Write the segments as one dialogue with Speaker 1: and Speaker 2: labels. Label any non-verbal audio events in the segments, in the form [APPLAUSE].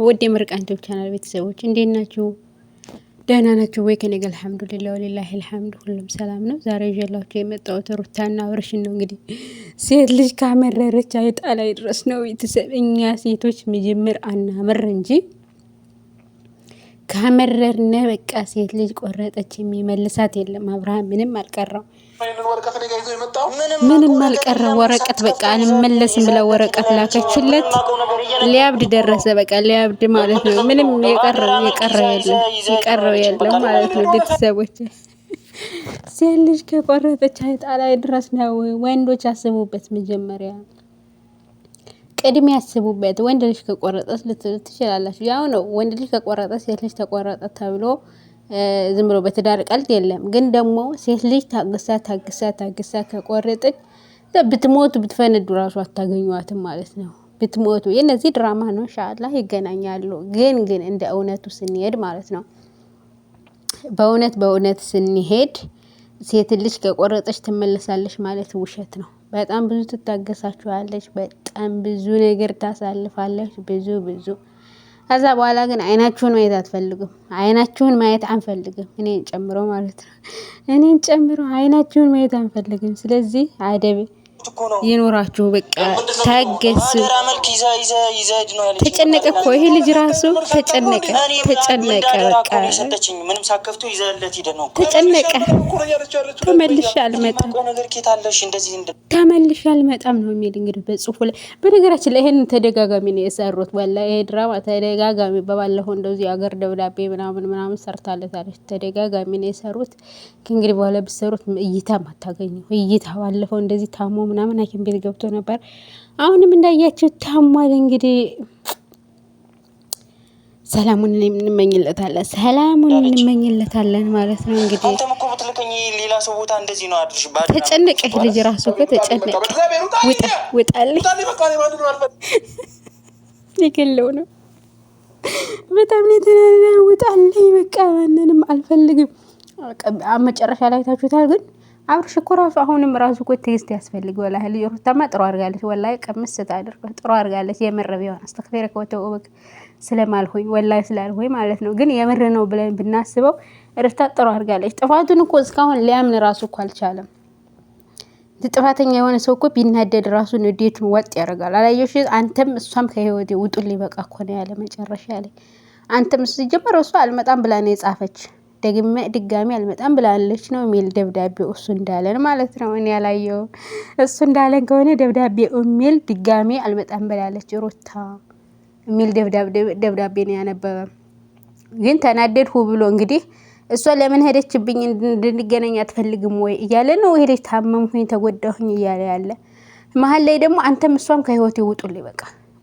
Speaker 1: ውድ የምርቃን ዩቲዩብ ቻናል ቤተሰቦች እንዴት ናችሁ? ደህና ናችሁ ወይ? ከኔ ጋር አልሐምዱሊላህ ወሊላህ አልሐምድ ሁሉም ሰላም ነው። ዛሬ ይዤላችሁ የመጣሁት ሩታና አብርሽን ነው። እንግዲህ ሴት ልጅ ካመረረች አይጣ ላይ ድረስ ነው ቤተሰብ። እኛ ሴቶች ምጅምር አናምር እንጂ ካመረርነ በቃ ሴት ልጅ ቆረጠች የሚመልሳት የለም። አብርሃም ምንም አልቀረው ምንም አልቀረው ወረቀት በቃ አንመለስም ብላ ወረቀት ላከችለት። ሊያብድ ደረሰ በቃ ሊያብድ ማለት ነው። ምንም የቀረው የቀረው የለም የቀረው የለም ማለት ነው። ቤተሰቦች ሴት ልጅ ከቆረጠች አይጣ ድረስ ነው። ወንዶች አስቡበት መጀመሪያ ቅድሚያ ያስቡበት። ወንድ ልጅ ከቆረጠስ ልትሉ ትችላላችሁ። ያው ነው ወንድ ልጅ ከቆረጠ ሴት ልጅ ተቆረጠ ተብሎ ዝም ብሎ በትዳር ቀልድ የለም። ግን ደግሞ ሴት ልጅ ታግሳ ታግሳ ታግሳ ከቆረጠች ብትሞቱ ብትፈነዱ እራሱ አታገኟትም ማለት ነው። ብትሞቱ የነዚህ ድራማ ነው። ኢንሻላህ ይገናኛሉ። ግን ግን እንደ እውነቱ ስንሄድ ማለት ነው በእውነት በእውነት ስንሄድ ሴት ልጅ ከቆረጠች ትመለሳለች ማለት ውሸት ነው። በጣም ብዙ ትታገሳችኋለች። በጣም ብዙ ነገር ታሳልፋለች። ብዙ ብዙ ከዛ በኋላ ግን አይናችሁን ማየት አትፈልግም። አይናችሁን ማየት አንፈልግም፣ እኔን ጨምሮ ማለት ነው። እኔን ጨምሮ አይናችሁን ማየት አንፈልግም። ስለዚህ አደቤ ይኖራችሁ በቃ ታገሱ። ተጨነቀ እኮ ይሄ ልጅ ራሱ ተጨነቀ፣ ተጨነቀ፣ በቃ ተጨነቀ። ተመልሼ አልመጣም፣ ተመልሼ አልመጣም ነው የሚል እንግዲህ በጽሁፉ ላይ። በነገራችን ላይ ይሄን ተደጋጋሚ ነው የሰሩት። በላ ይሄ ድራማ ተደጋጋሚ በባለፈው እንደዚህ አገር ደብዳቤ ምናምን ምናምን ሰርታለታለች። ተደጋጋሚ ነው የሰሩት። ከእንግዲህ በኋላ ብሰሩት እይታ ማታገኘው እይታ ባለፈው እንደዚህ ታሞ ምናምን ሐኪም ቤት ገብቶ ነበር። አሁንም እንዳያቸው ታሟል። እንግዲህ ሰላሙን እንመኝለታለን፣ ሰላሙን እንመኝለታለን ማለት ነው። እንግዲህ ተጨነቀህ ልጅ ራሱ እኮ ተጨነቀ። ውጣልኝ፣ የገለው ነው በጣም ነው። ውጣልኝ፣ በቃ ማንንም አልፈልግም። መጨረሻ ላይ ታችሁታል ግን አብርሽ እኮ ራሱ አሁንም ራሱ እኮ ትዕግስት ያስፈልገዋል። ወላ ልጅ ሩታማ ጥሩ አድርጋለች። ወላ ቅምስ ስታደርገ ጥሩ አድርጋለች። የምር ቢሆን አስተክፌር ከወተው ወቅ ስለማልሆኝ ወላ ስላልሆኝ ማለት ነው። ግን የምር ነው ብለን ብናስበው ሩታ ጥሩ አድርጋለች። ጥፋቱን እኮ እስካሁን ሊያምን ራሱ እኮ አልቻለም። ጥፋተኛ የሆነ ሰው እኮ ቢናደድ ራሱ ንዴቱን ወጥ ያደርጋል። አላየሽ? አንተም እሷም ከህይወቴ ውጡልኝ በቃ እኮ ነው ያለ መጨረሻ ላይ አንተም እሱ ሲጀመር እሱ አልመጣም ብላ ነው የጻፈች ደግመ ድጋሚ አልመጣም ብላለች ነው የሚል ደብዳቤው። እሱ እንዳለን ማለት ነው። እኔ ያላየው እሱ እንዳለን ከሆነ ደብዳቤ የሚል ድጋሚ አልመጣም ብላለች ሩታ የሚል ደብዳቤ ነው ያነበበ። ግን ተናደድሁ ብሎ እንግዲህ እሷ ለምን ሄደችብኝ እንድንገናኝ አትፈልግም ወይ እያለ ነው ሄደች። ታመምሁኝ፣ ተጎዳሁኝ እያለ ያለ መሀል ላይ ደግሞ አንተም እሷም ከህይወት ይውጡልኝ በቃ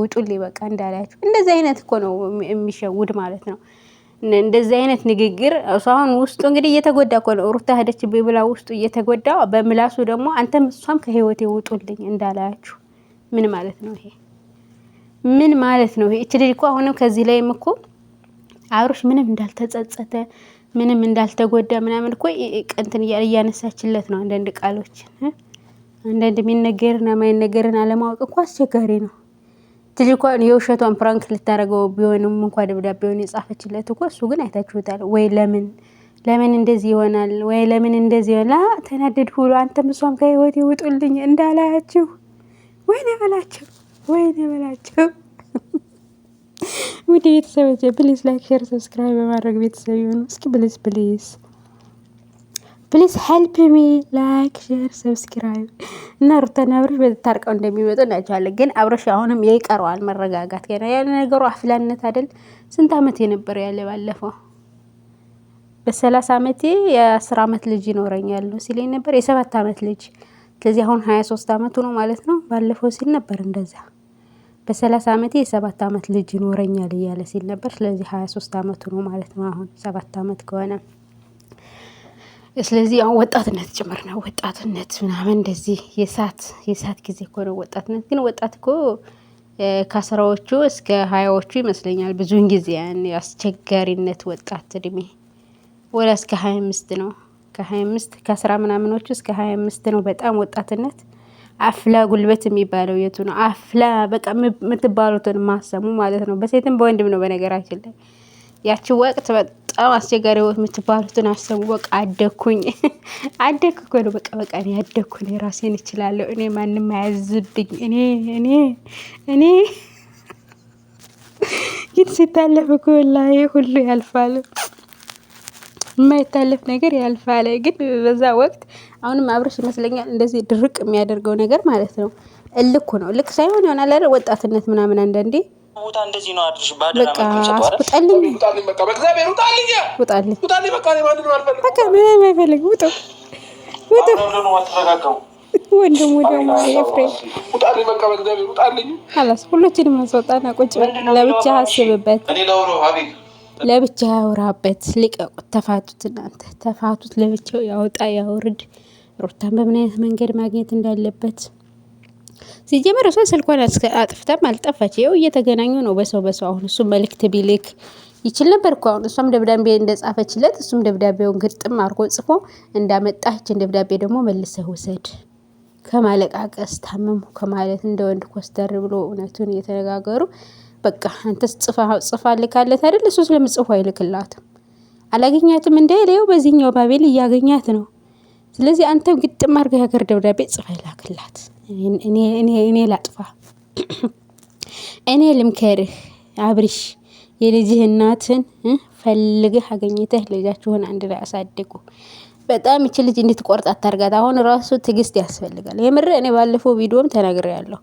Speaker 1: ውጡልኝ በቃ እንዳላችሁ። እንደዚህ አይነት እኮ ነው የሚሸውድ ማለት ነው። እንደዚህ አይነት ንግግር እሱ አሁን ውስጡ እንግዲህ እየተጎዳ ኮ ሩታ ሄደች ብላ ውስጡ እየተጎዳ በምላሱ ደግሞ አንተም እሷም ከህይወቴ ውጡልኝ እንዳላያችሁ ምን ማለት ነው ይሄ? ምን ማለት ነው ይሄ? እቺ ልጅ እኮ አሁንም ከዚህ ላይም እኮ አብርሽ ምንም እንዳልተጸጸተ ምንም እንዳልተጎዳ ምናምን እኮ ቀንትን እያነሳችለት ነው። አንዳንድ ቃሎችን አንዳንድ የሚነገርና ማይነገርን አለማወቅ እኮ አስቸጋሪ ነው። ትልኳን የውሸቷን ፕራንክ ልታደረገው ቢሆንም እንኳ ደብዳቤውን የጻፈችለት እኮ እሱ ግን አይታችሁታል ወይ? ለምን ለምን እንደዚህ ይሆናል ወይ? ለምን እንደዚህ ይሆናል? ተናደድ ሁሉ አንተም እሷም ከህይወት ይውጡልኝ እንዳላያችሁ ወይኔ በላቸው፣ ወይኔ በላቸው። ውድ ቤተሰቦች ፕሊዝ ላይክ፣ ሼር፣ ሰብስክራይብ በማድረግ ቤተሰብ ይሁኑ። እስኪ ፕሊዝ ፕሊዝ ፕሊዝ ሄልፕ ሚ ላይክ ሼር ሰብስክራይብ እና ሩታና አብረሽ በታርቀው እንደሚመጡ እናቸዋለን። ግን አብረሽ አሁንም ይቀረዋል መረጋጋት። ገና ያለ ነገሩ አፍላነት አይደል? ስንት አመት የነበረ ያለ ባለፈው በሰላሳ አመቴ የአስር አመት ልጅ ይኖረኛል ነው ሲለኝ ነበር። የሰባት አመት ልጅ ስለዚህ አሁን ሀያ ሶስት አመቱ ነው ማለት ነው። ባለፈው ሲል ነበር እንደዛ በሰላሳ አመቴ የሰባት አመት ልጅ ይኖረኛል እያለ ሲል ነበር። ስለዚህ ሀያ ሶስት አመቱ ነው ማለት ነው። አሁን ሰባት አመት ከሆነ ስለዚህ አሁን ወጣትነት ጭምር ነው። ወጣትነት ምናምን እንደዚህ የሳት የሳት ጊዜ እኮ ነው ወጣትነት። ግን ወጣት እኮ ከአስራዎቹ እስከ ሀያዎቹ ይመስለኛል ብዙውን ጊዜ ያን አስቸጋሪነት ወጣት እድሜ ወላ እስከ ሀያ አምስት ነው። ከሀያ አምስት ከአስራ ምናምኖቹ እስከ ሀያ አምስት ነው በጣም ወጣትነት። አፍላ ጉልበት የሚባለው የቱ ነው? አፍላ በቃ የምትባሉትን ማሰሙ ማለት ነው። በሴትም በወንድም ነው በነገራችን ላይ ያቺ ወቅት በጣም አስቸጋሪ የምትባሉትን አሰቡ። በቃ አደኩኝ [LAUGHS] አደክ እኮ ነው። በቃ በቃ እኔ አደኩ፣ እኔ ራሴን እችላለሁ፣ እኔ ማንም አያዝብኝ፣ እኔ እኔ እኔ ግን [LAUGHS] ሲታለፍ እኮ ላይ ሁሉ ያልፋል። የማይታለፍ ነገር ያልፋል። ግን በዛ ወቅት አሁንም አብረሽ ይመስለኛል እንደዚህ ድርቅ የሚያደርገው ነገር ማለት ነው። እልኩ ነው ልክ ሳይሆን ይሆናል አይደል? ወጣትነት ምናምን አንዳንዴ ቦታ እንደዚህ ነው አድርሽ በቃ ውጣልኝ፣ በእግዚአብሔር ውጣልኝ፣ ውጣልኝ፣ ውጣልኝ። በቃ ምንም አይፈልግም። ውጡ፣ ውጡ። ወንድሙ ደግሞ ኤፍሬም ላስ ሁሎችንም አስወጣና ቁጭ ለብቻ አስብበት፣ ለብቻ ያውራበት። ልቀቁት፣ ተፋቱት፣ እናንተ ተፋቱት። ለብቻው ያውጣ ያውርድ። ሩታን በምን አይነት መንገድ ማግኘት እንዳለበት ሲጀመር እሷ ስልኳን አጥፍታም አልጠፋች። ይኸው እየተገናኙ ነው በሰው በሰው አሁን እሱም መልእክት ቢልክ ይችል ነበር እኮ አሁን እሷም ደብዳቤ እንደጻፈችለት እሱም ደብዳቤውን ግጥም አድርጎ ጽፎ እንዳመጣችን ደብዳቤ ደግሞ መልሰህ ውሰድ ከማለቃቀስ ታመሙ ከማለት እንደ ወንድ ኮስተር ብሎ እውነቱን እየተነጋገሩ በቃ አንተስ ጽፋ ልካለት አይደል? እሱ ስለምጽፎ አይልክላትም አላገኛትም እንዳይለው በዚህኛው ባቤል እያገኛት ነው። ስለዚህ አንተ ግጥም አድርገህ ሀገር ደብዳቤ ጽፋ ይላክላት። እኔ እኔ ላጥፋ፣ እኔ ልምከርህ አብርሽ የልጅህ እናትን ፈልግህ አገኝተህ ልጃችሁን አንድ ላይ አሳድጉ። በጣም ይቺ ልጅ እንድትቆርጥ አታርጋት። አሁን ራሱ ትግስት ያስፈልጋል። የምር እኔ ባለፈው ቪዲዮም ተናግሬያለሁ።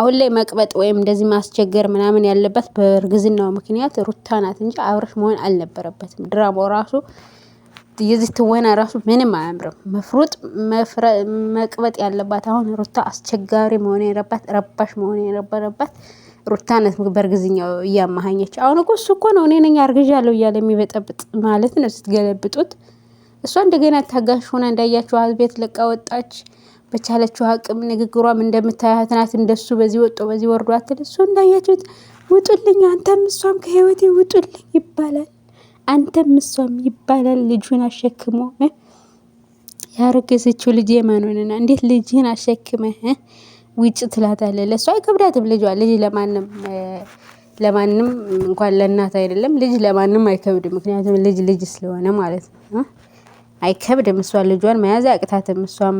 Speaker 1: አሁን ላይ መቅበጥ ወይም እንደዚህ ማስቸገር ምናምን ያለበት በእርግዝናው ምክንያት ሩታ ናት እንጂ አብርሽ መሆን አልነበረበትም። ድራማው ራሱ የዚህ ትወና ራሱ ምንም አያምርም። መፍሩጥ መቅበጥ ያለባት አሁን ሩታ አስቸጋሪ መሆን የረባት ረባሽ መሆን የነበረባት ሩታ ነት በእርግዝኛው እያመሀኘች አሁን እኮ እሱ እኮ ነው እኔ ነኝ አርግዣለሁ እያለ የሚበጠብጥ ማለት ነው ስትገለብጡት። እሷ እንደገና ታጋሽ ሆና እንዳያችሁ ቤት ለቃ ወጣች። በቻለችው አቅም ንግግሯም እንደምታያት ናት። እንደሱ በዚህ ወጦ በዚህ ወርዶ አትል። እሱ እንዳያችሁት ውጡልኝ፣ አንተም እሷም ከህይወቴ ውጡልኝ ይባላል። አንተም እሷም ይባላል ልጁን አሸክሞ ያረገዘችው ልጅ የማንሆንና እንዴት ልጅህን አሸክመህ ውጭ ትላታለህ? ለእሷ አይከብዳትም። ልጇ ልጅ ለማንም ለማንም እንኳን ለእናት አይደለም ልጅ ለማንም አይከብድም። ምክንያቱም ልጅ ልጅ ስለሆነ ማለት ነው አይከብድም። እሷ ልጇን መያዝ አቅታትም። እሷም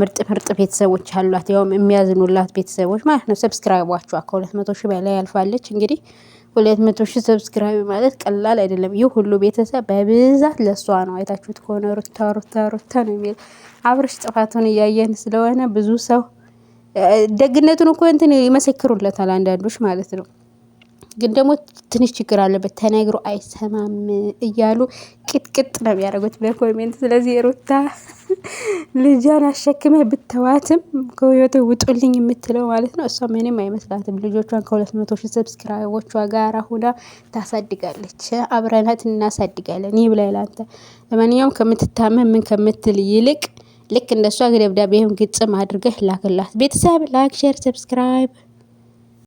Speaker 1: ምርጥ ምርጥ ቤተሰቦች አሏት፣ ያውም የሚያዝኑላት ቤተሰቦች ማለት ነው። ሰብስክራይቧቸዋ ከሁለት መቶ ሺህ በላይ ያልፋለች እንግዲህ ሁለት መቶ ሺህ ሰብስክራይብ ማለት ቀላል አይደለም። ይህ ሁሉ ቤተሰብ በብዛት ለእሷ ነው። አይታችሁት ከሆነ ሩታ ሩታ ሩታ ነው የሚል አብርሽ ጥፋቱን እያየን ስለሆነ ብዙ ሰው ደግነቱን እኮ እንትን ይመሰክሩለታል አንዳንዶች ማለት ነው። ግን ደግሞ ትንሽ ችግር አለበት ተነግሮ አይሰማም እያሉ ቅጥቅጥ ነው የሚያደርጉት በኮሜንት ስለዚህ ሩታ ልጇን አሸክመ ብተዋትም ከህይወት ውጡልኝ የምትለው ማለት ነው። እሷ ምንም አይመስላትም። ልጆቿን ከሁለት መቶ ሺህ ሰብስክራይቦቿ ጋር ሁና ታሳድጋለች። አብረናት እናሳድጋለን። ይህ ብላይ ላንተ ለማንኛውም ከምትታመም ምን ከምትል ይልቅ ልክ እንደሷ ደብዳቤህም ግጽም አድርገህ ላክላት። ቤተሰብ ላይክ፣ ሼር፣ ሰብስክራይብ